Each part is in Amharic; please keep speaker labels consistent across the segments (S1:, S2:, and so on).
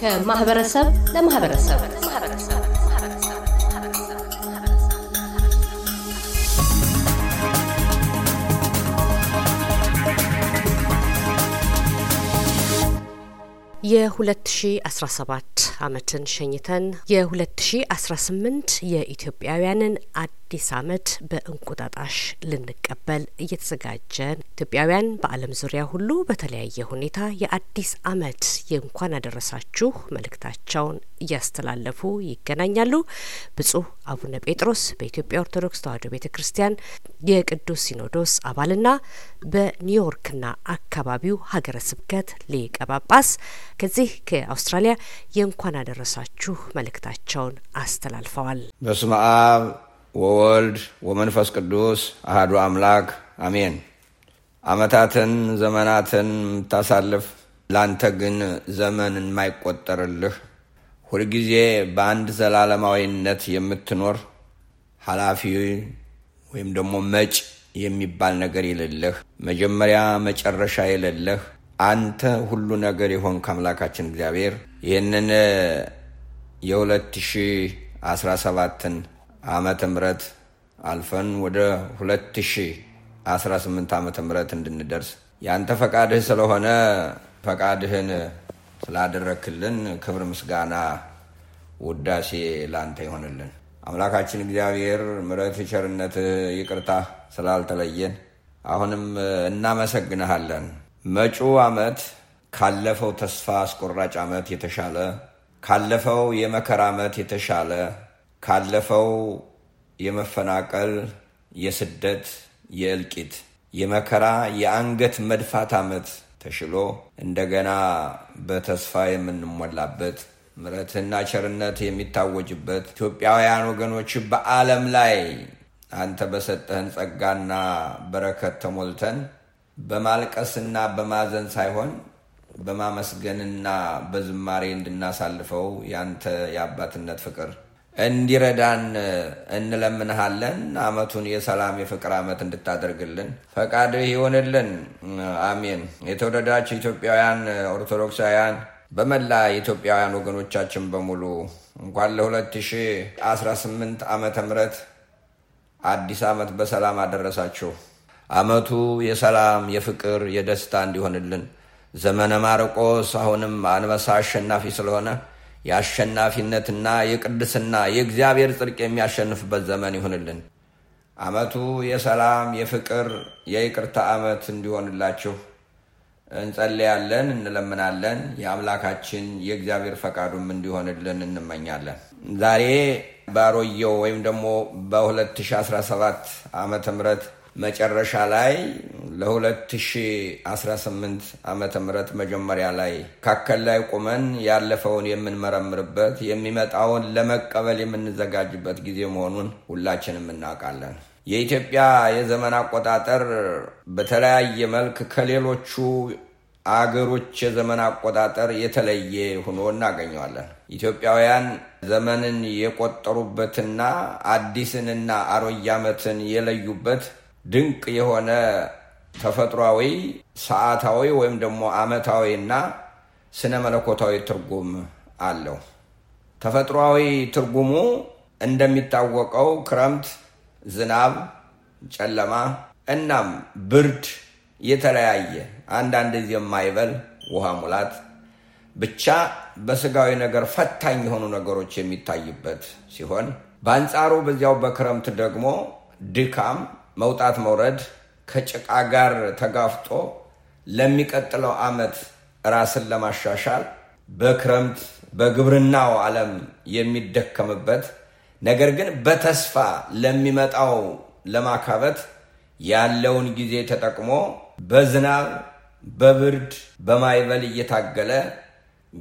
S1: ከማህበረሰብ ለማህበረሰብ የ2017 ዓመትን ሸኝተን የ2018 የኢትዮጵያውያንን አዲስ አመት በእንቁጣጣሽ ልንቀበል እየተዘጋጀን ኢትዮጵያውያን በዓለም ዙሪያ ሁሉ በተለያየ ሁኔታ የአዲስ አመት የእንኳን አደረሳችሁ መልእክታቸውን እያስተላለፉ ይገናኛሉ። ብጹዕ አቡነ ጴጥሮስ በኢትዮጵያ ኦርቶዶክስ ተዋሕዶ ቤተ ክርስቲያን የቅዱስ ሲኖዶስ አባልና በኒውዮርክና አካባቢው ሀገረ ስብከት ሊቀ ጳጳስ ከዚህ ከአውስትራሊያ የእንኳን አደረሳችሁ መልእክታቸውን አስተላልፈዋል።
S2: በስመ አብ ወወልድ ወመንፈስ ቅዱስ አህዱ አምላክ አሜን። ዓመታትን ዘመናትን የምታሳልፍ ላንተ ግን ዘመን የማይቆጠርልህ ሁልጊዜ በአንድ ዘላለማዊነት የምትኖር ኃላፊ ወይም ደግሞ መጭ የሚባል ነገር የሌለህ መጀመሪያ መጨረሻ የሌለህ አንተ ሁሉ ነገር የሆን ከአምላካችን እግዚአብሔር ይህንን የ2017ን ዓመተ ምህረት አልፈን ወደ 2018 ዓመተ ምህረት እንድንደርስ ያንተ ፈቃድህ ስለሆነ ፈቃድህን ስላደረክልን ክብር፣ ምስጋና፣ ውዳሴ ላንተ ይሆንልን። አምላካችን እግዚአብሔር ምረት፣ ቸርነት፣ ይቅርታ ስላልተለየን አሁንም እናመሰግንሃለን። መጪው ዓመት ካለፈው ተስፋ አስቆራጭ ዓመት የተሻለ ካለፈው የመከራ ዓመት የተሻለ ካለፈው የመፈናቀል፣ የስደት፣ የእልቂት፣ የመከራ፣ የአንገት መድፋት ዓመት ተሽሎ እንደገና በተስፋ የምንሞላበት ምሕረትና ቸርነት የሚታወጅበት ኢትዮጵያውያን ወገኖች በዓለም ላይ አንተ በሰጠህን ጸጋና በረከት ተሞልተን በማልቀስና በማዘን ሳይሆን በማመስገንና በዝማሬ እንድናሳልፈው ያንተ የአባትነት ፍቅር እንዲረዳን እንለምንሃለን። አመቱን የሰላም የፍቅር ዓመት እንድታደርግልን ፈቃድህ ይሆንልን። አሜን። የተወደዳችሁ ኢትዮጵያውያን ኦርቶዶክሳውያን፣ በመላ የኢትዮጵያውያን ወገኖቻችን በሙሉ እንኳን ለ2018 ዓመተ ምህረት አዲስ ዓመት በሰላም አደረሳችሁ። አመቱ የሰላም የፍቅር፣ የደስታ እንዲሆንልን ዘመነ ማርቆስ አሁንም አንበሳ አሸናፊ ስለሆነ የአሸናፊነትና የቅድስና የእግዚአብሔር ጽድቅ የሚያሸንፍበት ዘመን ይሁንልን። ዓመቱ የሰላም የፍቅር፣ የይቅርታ ዓመት እንዲሆንላችሁ እንጸልያለን፣ እንለምናለን። የአምላካችን የእግዚአብሔር ፈቃዱም እንዲሆንልን እንመኛለን። ዛሬ ባሮየው ወይም ደግሞ በ2017 ዓመተ ምህረት መጨረሻ ላይ ለ2018 ዓ ምህረት መጀመሪያ ላይ ካከል ላይ ቁመን ያለፈውን የምንመረምርበት የሚመጣውን ለመቀበል የምንዘጋጅበት ጊዜ መሆኑን ሁላችንም እናውቃለን። የኢትዮጵያ የዘመን አቆጣጠር በተለያየ መልክ ከሌሎቹ አገሮች የዘመን አቆጣጠር የተለየ ሆኖ እናገኘዋለን። ኢትዮጵያውያን ዘመንን የቆጠሩበትና አዲስንና አሮጌ ዓመትን የለዩበት ድንቅ የሆነ ተፈጥሯዊ፣ ሰዓታዊ ወይም ደግሞ አመታዊ እና ስነ መለኮታዊ ትርጉም አለው። ተፈጥሯዊ ትርጉሙ እንደሚታወቀው ክረምት፣ ዝናብ፣ ጨለማ እናም ብርድ የተለያየ አንዳንድ ጊዜ የማይበል ውሃ ሙላት ብቻ በስጋዊ ነገር ፈታኝ የሆኑ ነገሮች የሚታይበት ሲሆን በአንጻሩ በዚያው በክረምት ደግሞ ድካም፣ መውጣት መውረድ ከጭቃ ጋር ተጋፍጦ ለሚቀጥለው ዓመት ራስን ለማሻሻል በክረምት በግብርናው ዓለም የሚደከምበት ነገር ግን በተስፋ ለሚመጣው ለማካበት ያለውን ጊዜ ተጠቅሞ በዝናብ በብርድ በማይበል እየታገለ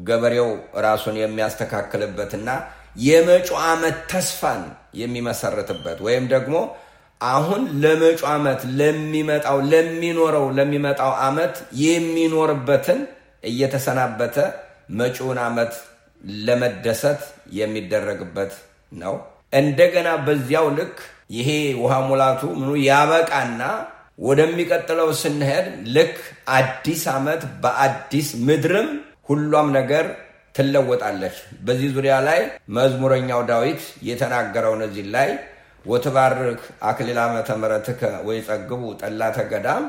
S2: ገበሬው ራሱን የሚያስተካክልበትና የመጪው ዓመት ተስፋን የሚመሰርትበት ወይም ደግሞ አሁን ለመጩ ዓመት ለሚመጣው ለሚኖረው ለሚመጣው ዓመት የሚኖርበትን እየተሰናበተ መጪውን ዓመት ለመደሰት የሚደረግበት ነው። እንደገና በዚያው ልክ ይሄ ውሃ ሙላቱ ምኑ ያበቃና ወደሚቀጥለው ስንሄድ ልክ አዲስ ዓመት በአዲስ ምድርም ሁሏም ነገር ትለወጣለች። በዚህ ዙሪያ ላይ መዝሙረኛው ዳዊት የተናገረውን እዚህ ላይ ወትባርክ አክሊላ መተመረትከ ወይ ጸግቡ ጠላተ ገዳም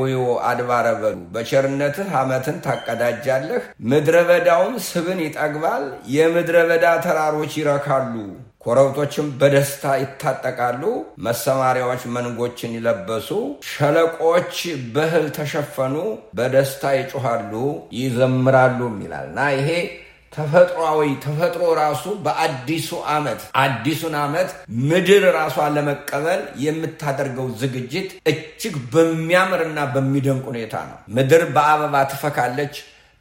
S2: ውዮ አድባረ በሉ በቸርነትህ ዓመትን ታቀዳጃለህ፣ ምድረ በዳውም ስብን ይጠግባል። የምድረ በዳ ተራሮች ይረካሉ፣ ኮረብቶችም በደስታ ይታጠቃሉ። መሰማሪያዎች መንጎችን ይለበሱ፣ ሸለቆች በእህል ተሸፈኑ፣ በደስታ ይጮሃሉ፣ ይዘምራሉ ይላልና ይሄ ተፈጥሯዊ ተፈጥሮ ራሱ በአዲሱ ዓመት አዲሱን ዓመት ምድር ራሷን ለመቀበል የምታደርገው ዝግጅት እጅግ በሚያምርና በሚደንቅ ሁኔታ ነው። ምድር በአበባ ትፈካለች።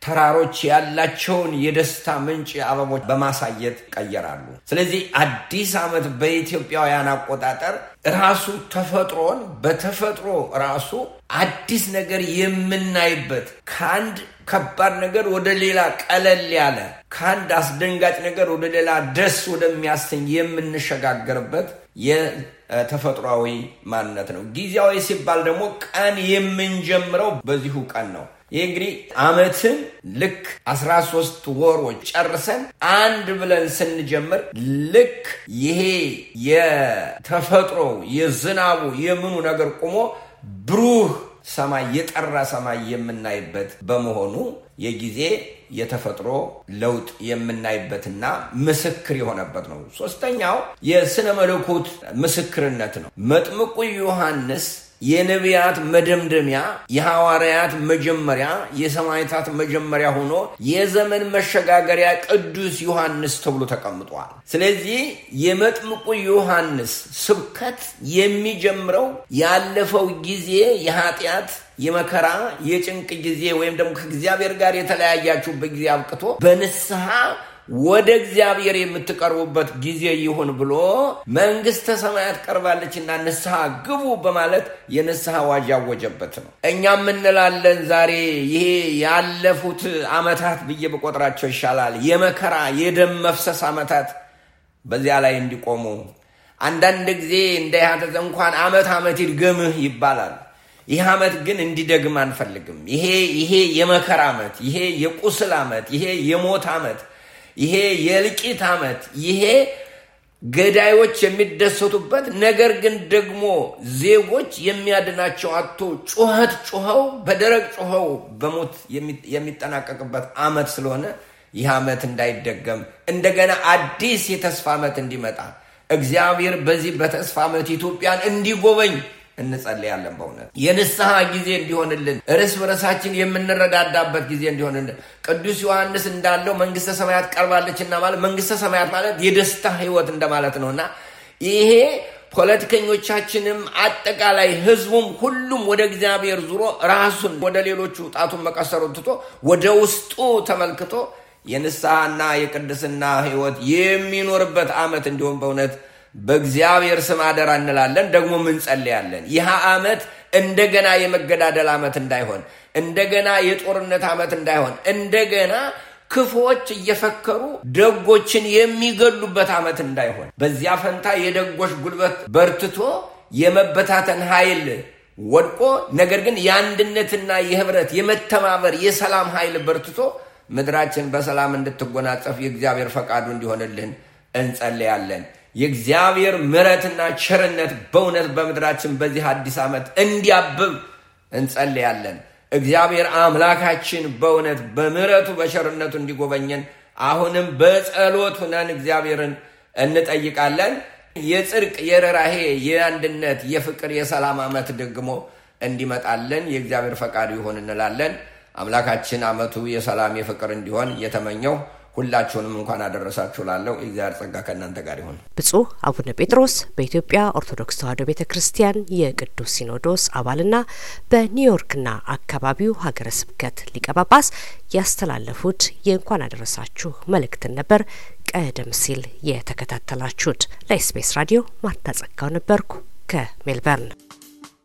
S2: ተራሮች ያላቸውን የደስታ ምንጭ አበቦች በማሳየት ቀየራሉ። ስለዚህ አዲስ ዓመት በኢትዮጵያውያን አቆጣጠር ራሱ ተፈጥሮን በተፈጥሮ ራሱ አዲስ ነገር የምናይበት ከአንድ ከባድ ነገር ወደ ሌላ ቀለል ያለ ከአንድ አስደንጋጭ ነገር ወደ ሌላ ደስ ወደሚያሰኝ የምንሸጋገርበት የተፈጥሯዊ ማንነት ነው። ጊዜያዊ ሲባል ደግሞ ቀን የምንጀምረው በዚሁ ቀን ነው። ይህ እንግዲህ አመትን ልክ አስራ ሶስት ወሮች ጨርሰን አንድ ብለን ስንጀምር ልክ ይሄ የተፈጥሮ የዝናቡ የምኑ ነገር ቁሞ ብሩህ ሰማይ የጠራ ሰማይ የምናይበት በመሆኑ የጊዜ የተፈጥሮ ለውጥ የምናይበትና ምስክር የሆነበት ነው። ሶስተኛው የስነ መለኮት ምስክርነት ነው። መጥምቁ ዮሐንስ የነቢያት መደምደሚያ፣ የሐዋርያት መጀመሪያ፣ የሰማዕታት መጀመሪያ ሆኖ የዘመን መሸጋገሪያ ቅዱስ ዮሐንስ ተብሎ ተቀምጧል። ስለዚህ የመጥምቁ ዮሐንስ ስብከት የሚጀምረው ያለፈው ጊዜ የኃጢአት የመከራ የጭንቅ ጊዜ ወይም ደግሞ ከእግዚአብሔር ጋር የተለያያችሁበት ጊዜ አብቅቶ በንስሐ ወደ እግዚአብሔር የምትቀርቡበት ጊዜ ይሁን ብሎ መንግስተ ሰማያት ቀርባለችና ንስሐ ግቡ በማለት የንስሐ አዋጅ ያወጀበት ነው። እኛም እንላለን ዛሬ ይሄ ያለፉት አመታት ብዬ በቆጥራቸው ይሻላል የመከራ የደም መፍሰስ ዓመታት በዚያ ላይ እንዲቆሙ አንዳንድ ጊዜ እንደ ኢህአደግ እንኳን አመት አመት ይድገምህ ይባላል። ይህ ዓመት ግን እንዲደግም አንፈልግም። ይሄ ይሄ የመከራ ዓመት፣ ይሄ የቁስል ዓመት፣ ይሄ የሞት ዓመት ይሄ የእልቂት ዓመት ይሄ ገዳዮች የሚደሰቱበት ነገር ግን ደግሞ ዜጎች የሚያድናቸው አቶ ጩኸት ጩኸው በደረቅ ጩኸው በሞት የሚጠናቀቅበት ዓመት ስለሆነ ይህ ዓመት እንዳይደገም እንደገና አዲስ የተስፋ ዓመት እንዲመጣ እግዚአብሔር በዚህ በተስፋ ዓመት ኢትዮጵያን እንዲጎበኝ እንጸልያለን። በእውነት የንስሐ ጊዜ እንዲሆንልን፣ እርስ በርሳችን የምንረዳዳበት ጊዜ እንዲሆንልን ቅዱስ ዮሐንስ እንዳለው መንግስተ ሰማያት ቀርባለችና ማለት መንግስተ ሰማያት ማለት የደስታ ህይወት እንደማለት ነውና ይሄ ፖለቲከኞቻችንም አጠቃላይ ህዝቡም ሁሉም ወደ እግዚአብሔር ዙሮ ራሱን ወደ ሌሎቹ ጣቱን መቀሰሩን ትቶ ወደ ውስጡ ተመልክቶ የንስሐና የቅድስና ህይወት የሚኖርበት ዓመት እንዲሆን በእውነት በእግዚአብሔር ስም አደራ እንላለን፣ ደግሞ እንጸልያለን። ይህ ዓመት እንደገና የመገዳደል ዓመት እንዳይሆን፣ እንደገና የጦርነት ዓመት እንዳይሆን፣ እንደገና ክፎች እየፈከሩ ደጎችን የሚገሉበት ዓመት እንዳይሆን፣ በዚያ ፈንታ የደጎች ጉልበት በርትቶ የመበታተን ኃይል ወድቆ፣ ነገር ግን የአንድነትና የህብረት የመተባበር የሰላም ኃይል በርትቶ ምድራችን በሰላም እንድትጎናጸፍ የእግዚአብሔር ፈቃዱ እንዲሆንልን እንጸልያለን። የእግዚአብሔር ምረትና ቸርነት በእውነት በምድራችን በዚህ አዲስ ዓመት እንዲያብብ እንጸልያለን። እግዚአብሔር አምላካችን በእውነት በምረቱ በቸርነቱ እንዲጎበኘን አሁንም በጸሎት ሁነን እግዚአብሔርን እንጠይቃለን። የጽድቅ የረራሄ የአንድነት፣ የፍቅር፣ የሰላም ዓመት ደግሞ እንዲመጣለን የእግዚአብሔር ፈቃድ ይሆን እንላለን። አምላካችን ዓመቱ የሰላም የፍቅር እንዲሆን እየተመኘው ሁላችሁንም እንኳን አደረሳችሁ ላለው የእግዚአብሔር ጸጋ ከእናንተ ጋር ይሁን።
S1: ብፁዕ አቡነ ጴጥሮስ በኢትዮጵያ ኦርቶዶክስ ተዋሕዶ ቤተ ክርስቲያን የቅዱስ ሲኖዶስ አባልና በኒውዮርክና አካባቢው ሀገረ ስብከት ሊቀጳጳስ ያስተላለፉት የእንኳን አደረሳችሁ መልእክትን ነበር ቀደም ሲል የተከታተላችሁት። ለኤስቢኤስ ራዲዮ ማርታ ጸጋው ነበርኩ ከሜልበርን